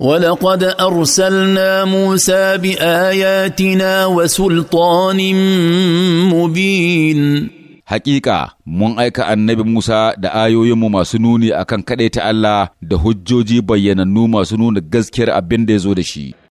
ولقد ارسلنا موسى باياتنا وسلطان مبين Haƙiƙa mun aika annabi Musa da ayoyinmu masu nuni akan kaɗai ta Allah da hujjoji bayyanannu masu nuna gaskiyar abin da ya zo da shi.